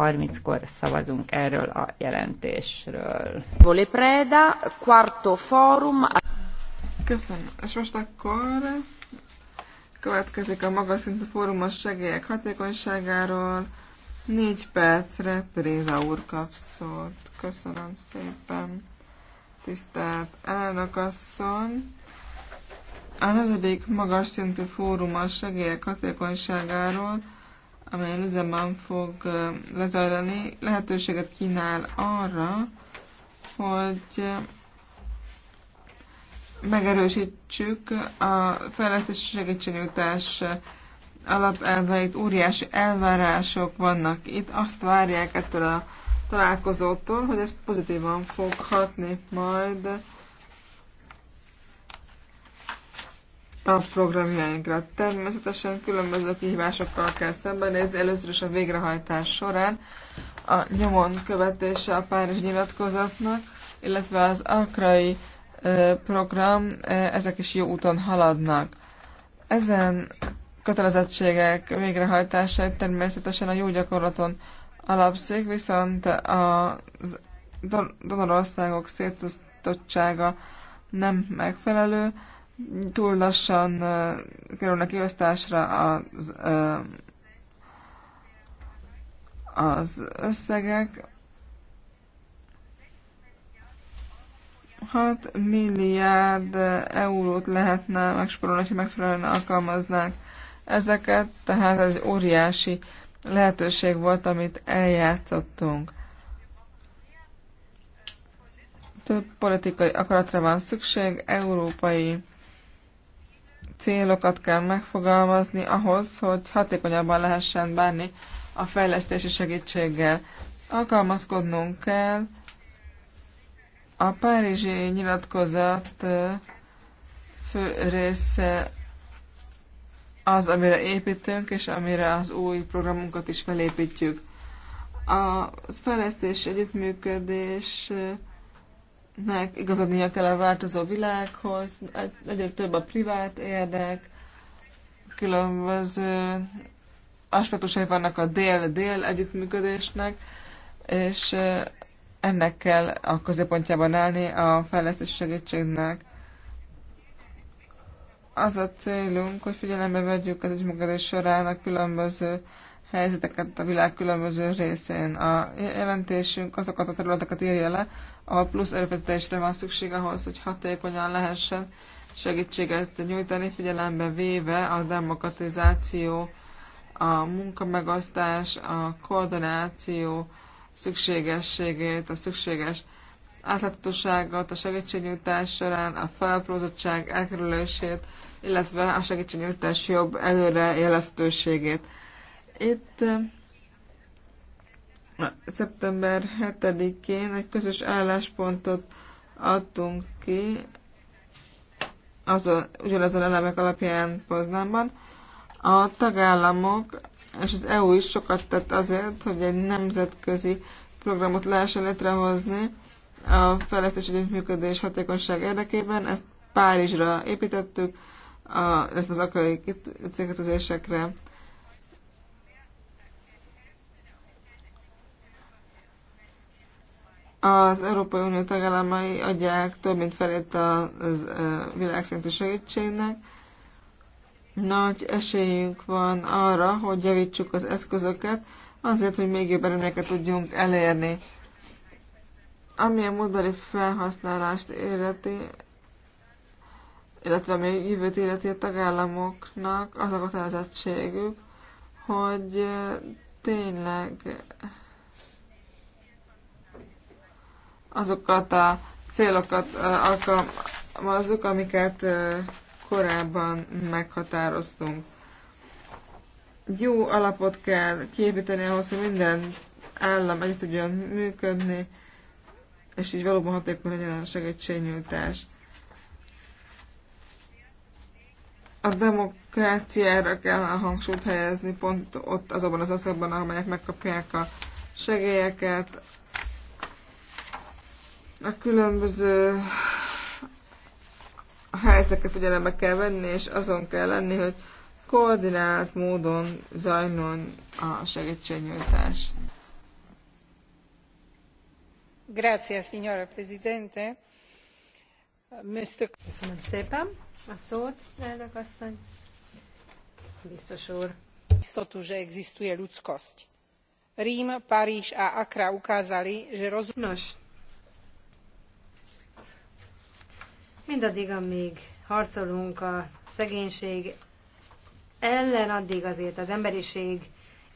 30-kor szavazunk erről a jelentésről. Vole Preda, quarto forum. Köszönöm. És most akkor következik a magas szintű fórumos segélyek hatékonyságáról. Négy percre Préda úr kap szót. Köszönöm szépen. Tisztelt asszony. A negyedik magas szintű fórum a segélyek hatékonyságáról amely üzemben fog lezajlani, lehetőséget kínál arra, hogy megerősítsük a fejlesztési segítségnyújtás alapelveit, óriási elvárások vannak itt. Azt várják ettől a találkozótól, hogy ez pozitívan fog hatni majd a programjainkra. Természetesen különböző kihívásokkal kell szembenézni, először is a végrehajtás során a nyomon követése a Párizs nyilatkozatnak, illetve az akrai program, ezek is jó úton haladnak. Ezen kötelezettségek végrehajtása természetesen a jó gyakorlaton alapszik, viszont a donorországok szétosztottsága nem megfelelő, túl lassan kerülnek kiosztásra az, az összegek. 6 milliárd eurót lehetne megsporolni, ha megfelelően alkalmaznák ezeket, tehát ez egy óriási lehetőség volt, amit eljátszottunk. Több politikai akaratra van szükség, európai célokat kell megfogalmazni ahhoz, hogy hatékonyabban lehessen bánni a fejlesztési segítséggel. Alkalmazkodnunk kell a Párizsi nyilatkozat fő része az, amire építünk, és amire az új programunkat is felépítjük. A fejlesztés együttműködés nek igazodnia kell a változó világhoz, egyre több a privát érdek, különböző aspektusai vannak a dél-dél együttműködésnek, és ennek kell a középpontjában állni a fejlesztési segítségnek. Az a célunk, hogy figyelembe vegyük az együttműködés során a különböző helyzeteket a világ különböző részén. A jelentésünk azokat a területeket írja le, a plusz erőfeszítésre van szükség ahhoz, hogy hatékonyan lehessen segítséget nyújtani, figyelembe véve a demokratizáció, a munkamegosztás, a koordináció szükségességét, a szükséges átláthatóságot, a segítségnyújtás során a felaprózottság elkerülését, illetve a segítségnyújtás jobb előre előrejeleztőségét. Itt szeptember 7-én egy közös álláspontot adtunk ki azon, ugyanazon elemek alapján Poznámban. A tagállamok és az EU is sokat tett azért, hogy egy nemzetközi programot lehessen létrehozni a fejlesztés együttműködés hatékonyság érdekében. Ezt Párizsra építettük, a, illetve az akrai célkötözésekre Az Európai Unió tagállamai adják több mint felét a világszintű segítségnek. Nagy esélyünk van arra, hogy javítsuk az eszközöket, azért, hogy még jobb eredményeket tudjunk elérni. Ami a múltbeli felhasználást illeti, illetve a jövőt életi a tagállamoknak az a kötelezettségük, hogy tényleg azokat a célokat alkalmazzuk, amiket korábban meghatároztunk. Jó alapot kell kiépíteni ahhoz, hogy minden állam együtt tudjon működni, és így valóban hatékony legyen a segítségnyújtás. A demokráciára kell a hangsúlyt helyezni, pont ott azokban az országban, amelyek megkapják a segélyeket, a különböző helyzeteket figyelembe kell venni, és azon kell lenni, hogy koordinált módon zajlon a segítségnyújtás. Grazie, signora Presidente. Mr. Köszönöm szépen a szót, elnök asszony. Biztos úr. Istotu, že existuje ľudskosť. Rím, Párizs a Akra ukázali, že roz... Nos, Mindaddig, amíg harcolunk a szegénység ellen, addig azért az emberiség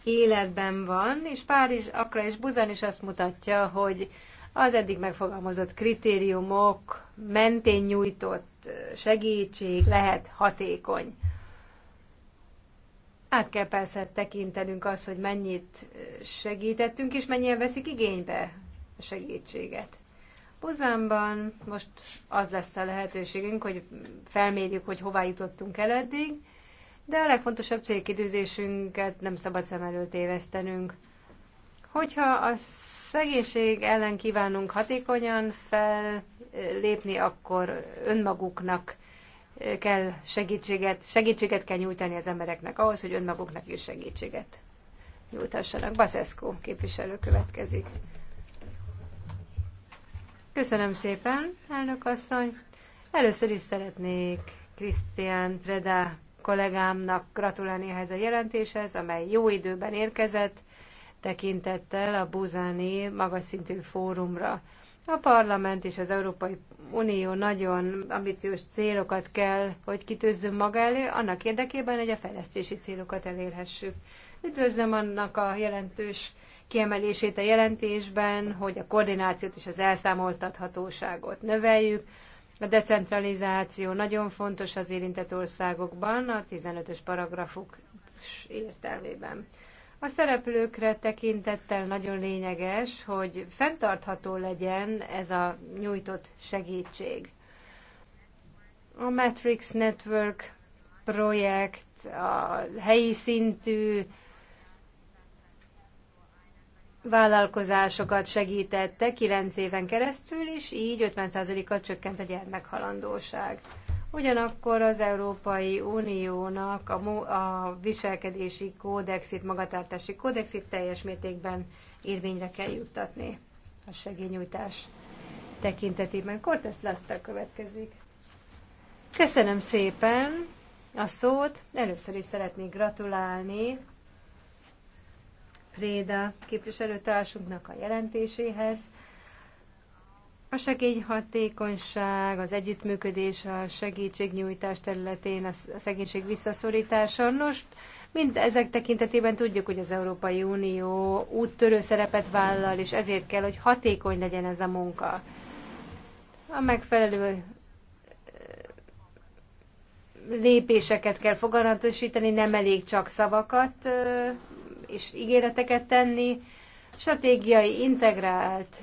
életben van, és Párizs, Akra és Buzan is azt mutatja, hogy az eddig megfogalmazott kritériumok mentén nyújtott segítség lehet hatékony. Át kell persze tekintenünk az, hogy mennyit segítettünk, és mennyien veszik igénybe a segítséget. Puzánban most az lesz a lehetőségünk, hogy felmérjük, hogy hová jutottunk el eddig, de a legfontosabb célkidőzésünket nem szabad szem előtt évesztenünk. Hogyha a szegénység ellen kívánunk hatékonyan fellépni, akkor önmaguknak kell segítséget, segítséget kell nyújtani az embereknek ahhoz, hogy önmaguknak is segítséget nyújtassanak. Baszeszkó képviselő következik. Köszönöm szépen, elnök asszony. Először is szeretnék Krisztián Preda kollégámnak gratulálni ehhez a jelentéshez, amely jó időben érkezett, tekintettel a Buzáni magas szintű fórumra. A parlament és az Európai Unió nagyon ambiciós célokat kell, hogy kitűzzön maga elő, annak érdekében, hogy a fejlesztési célokat elérhessük. Üdvözlöm annak a jelentős kiemelését a jelentésben, hogy a koordinációt és az elszámoltathatóságot növeljük. A decentralizáció nagyon fontos az érintett országokban, a 15-ös paragrafuk értelmében. A szereplőkre tekintettel nagyon lényeges, hogy fenntartható legyen ez a nyújtott segítség. A Matrix Network projekt, a helyi szintű vállalkozásokat segítette 9 éven keresztül, és így 50%-kal csökkent a gyermekhalandóság. Ugyanakkor az Európai Uniónak a, a viselkedési kódexit, magatartási kódexit teljes mértékben érvényre kell juttatni a segélynyújtás tekintetében. Cortez Laszter következik. Köszönöm szépen a szót. Először is szeretnék gratulálni Préda képviselőtársunknak a jelentéséhez. A segélyhatékonyság, az együttműködés, a segítségnyújtás területén, a szegénység visszaszorítása. Nos, mind ezek tekintetében tudjuk, hogy az Európai Unió úttörő szerepet vállal, és ezért kell, hogy hatékony legyen ez a munka. A megfelelő lépéseket kell foganatosítani, nem elég csak szavakat és ígéreteket tenni. Stratégiai, integrált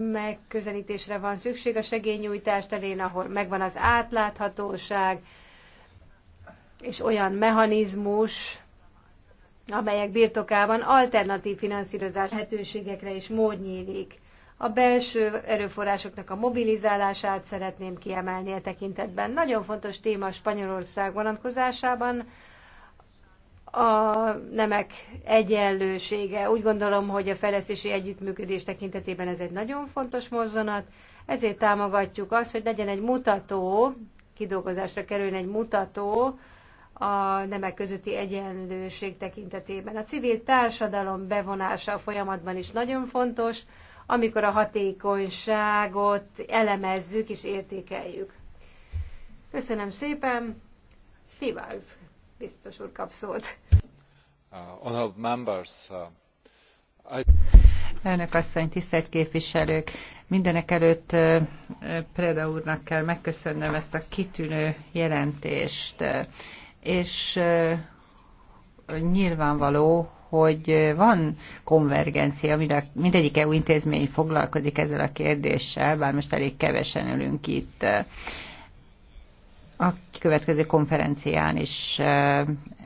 megközelítésre van szükség a segélynyújtás terén, ahol megvan az átláthatóság, és olyan mechanizmus, amelyek birtokában alternatív finanszírozás lehetőségekre is mód nyílik. A belső erőforrásoknak a mobilizálását szeretném kiemelni a e tekintetben. Nagyon fontos téma Spanyolország vonatkozásában, a nemek egyenlősége. Úgy gondolom, hogy a fejlesztési együttműködés tekintetében ez egy nagyon fontos mozzanat, ezért támogatjuk azt, hogy legyen egy mutató, kidolgozásra kerüljön egy mutató a nemek közötti egyenlőség tekintetében. A civil társadalom bevonása a folyamatban is nagyon fontos, amikor a hatékonyságot elemezzük és értékeljük. Köszönöm szépen! Fivágsz! Biztos úr kap szót. Uh, members, uh, I... Elnök asszony, tisztelt képviselők! Mindenek előtt uh, Preda úrnak kell megköszönnöm ezt a kitűnő jelentést, és nyilvánvaló, hogy van konvergencia, mindegyik EU intézmény foglalkozik ezzel a kérdéssel, bár most elég kevesen ülünk itt. A következő konferencián is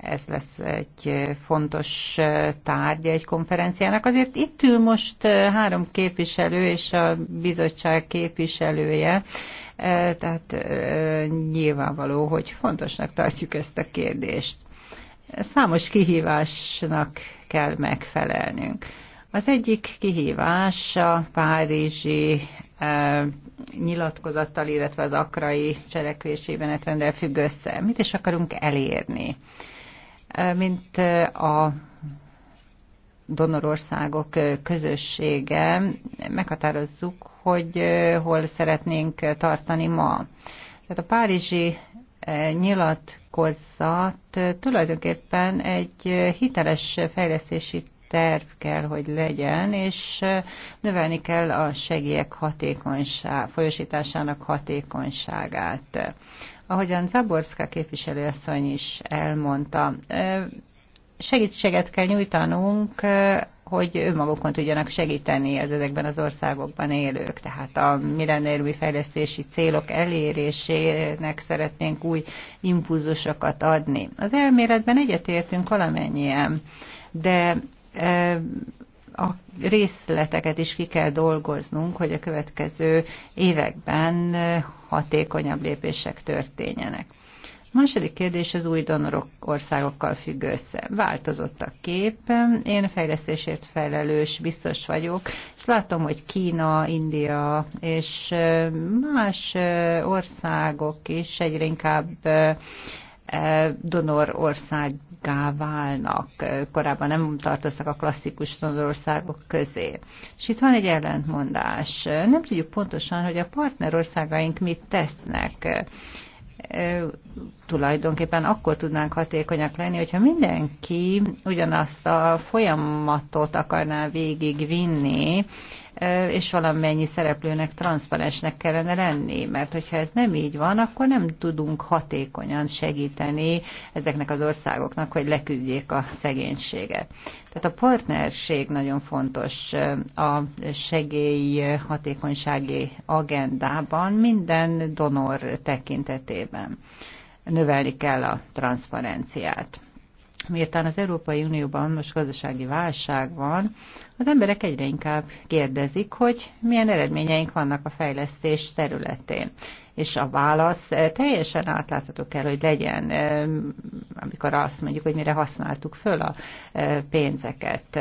ez lesz egy fontos tárgya egy konferenciának. Azért itt ül most három képviselő és a bizottság képviselője, tehát nyilvánvaló, hogy fontosnak tartjuk ezt a kérdést. Számos kihívásnak kell megfelelnünk. Az egyik kihívás a párizsi nyilatkozattal, illetve az akrai cselekvésében etrenddel függ össze. Mit is akarunk elérni? Mint a donorországok közössége, meghatározzuk, hogy hol szeretnénk tartani ma. Tehát a párizsi nyilatkozat tulajdonképpen egy hiteles fejlesztési terv kell, hogy legyen, és növelni kell a segélyek hatékonyság, folyosításának hatékonyságát. Ahogyan Zaborszka képviselőasszony is elmondta, segítséget kell nyújtanunk hogy önmagukon tudjanak segíteni az ezekben az országokban élők. Tehát a millenniumi fejlesztési célok elérésének szeretnénk új impulzusokat adni. Az elméletben egyetértünk valamennyien, de a részleteket is ki kell dolgoznunk, hogy a következő években hatékonyabb lépések történjenek. A második kérdés az új donorok országokkal függ össze. Változott a kép, én fejlesztésért felelős biztos vagyok, és látom, hogy Kína, India és más országok is egyre inkább donor országá válnak. Korábban nem tartoztak a klasszikus donor országok közé. És itt van egy ellentmondás. Nem tudjuk pontosan, hogy a partnerországaink mit tesznek tulajdonképpen akkor tudnánk hatékonyak lenni, hogyha mindenki ugyanazt a folyamatot akarná végigvinni, és valamennyi szereplőnek transzparensnek kellene lenni, mert hogyha ez nem így van, akkor nem tudunk hatékonyan segíteni ezeknek az országoknak, hogy leküzdjék a szegénységet. Tehát a partnerség nagyon fontos a segély hatékonysági agendában, minden donor tekintetében növelni kell a transzparenciát. Miután az Európai Unióban most gazdasági válság van, az emberek egyre inkább kérdezik, hogy milyen eredményeink vannak a fejlesztés területén és a válasz eh, teljesen átlátható kell, hogy legyen, eh, amikor azt mondjuk, hogy mire használtuk föl a eh, pénzeket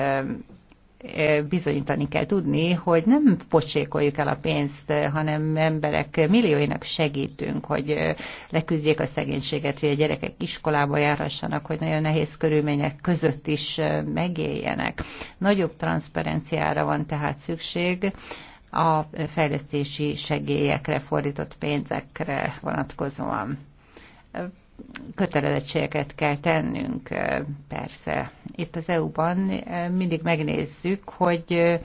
bizonyítani kell tudni, hogy nem pocsékoljuk el a pénzt, hanem emberek millióinak segítünk, hogy leküzdjék a szegénységet, hogy a gyerekek iskolába járhassanak, hogy nagyon nehéz körülmények között is megéljenek. Nagyobb transzparenciára van tehát szükség a fejlesztési segélyekre fordított pénzekre vonatkozóan kötelezettségeket kell tennünk, persze. Itt az EU-ban eh, mindig megnézzük, hogy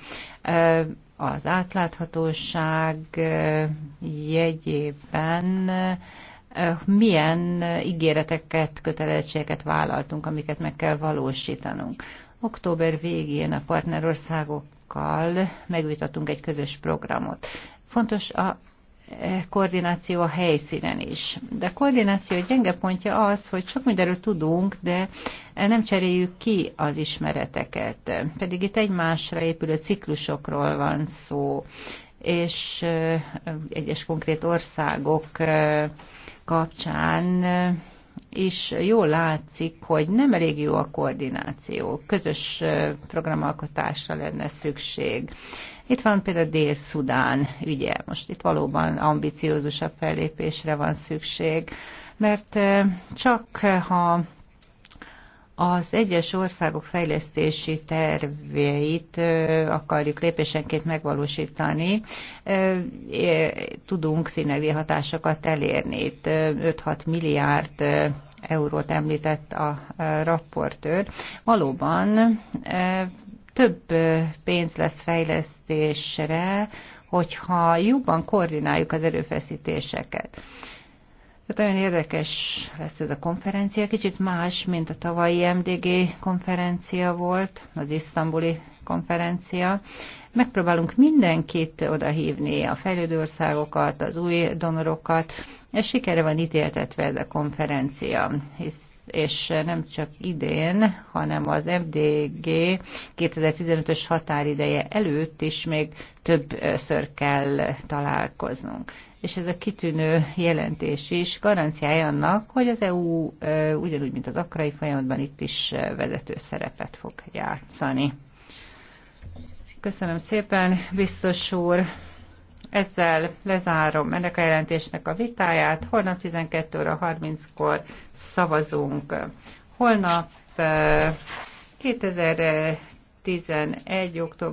eh, az átláthatóság eh, jegyében milyen ígéreteket, kötelezettségeket vállaltunk, amiket meg kell valósítanunk. Október végén a partnerországokkal megvitatunk egy közös programot. Fontos a E, koordináció a helyszínen is. De a koordináció gyenge pontja az, hogy sok mindenről tudunk, de nem cseréljük ki az ismereteket. Pedig itt egymásra épülő ciklusokról van szó, és e, egyes konkrét országok e, kapcsán is jól látszik, hogy nem elég jó a koordináció, közös programalkotásra lenne szükség. Itt van például Dél-Szudán ügye. Most itt valóban ambiciózusabb fellépésre van szükség, mert csak ha az egyes országok fejlesztési terveit akarjuk lépésenként megvalósítani, tudunk színevi hatásokat elérni. Itt 5-6 milliárd eurót említett a raportőr. Valóban több pénz lesz fejlesztésre, hogyha jobban koordináljuk az erőfeszítéseket. Tehát nagyon érdekes lesz ez a konferencia, kicsit más, mint a tavalyi MDG konferencia volt, az isztambuli konferencia. Megpróbálunk mindenkit odahívni, a fejlődő országokat, az új donorokat, és sikere van ítéltetve ez a konferencia, hisz és nem csak idén, hanem az MDG 2015-ös határideje előtt is még többször kell találkoznunk. És ez a kitűnő jelentés is garanciája annak, hogy az EU ugyanúgy, mint az akrai folyamatban itt is vezető szerepet fog játszani. Köszönöm szépen, biztos úr! Ezzel lezárom ennek a jelentésnek a vitáját. Holnap 12 óra 30-kor szavazunk. Holnap 2011. Eh, október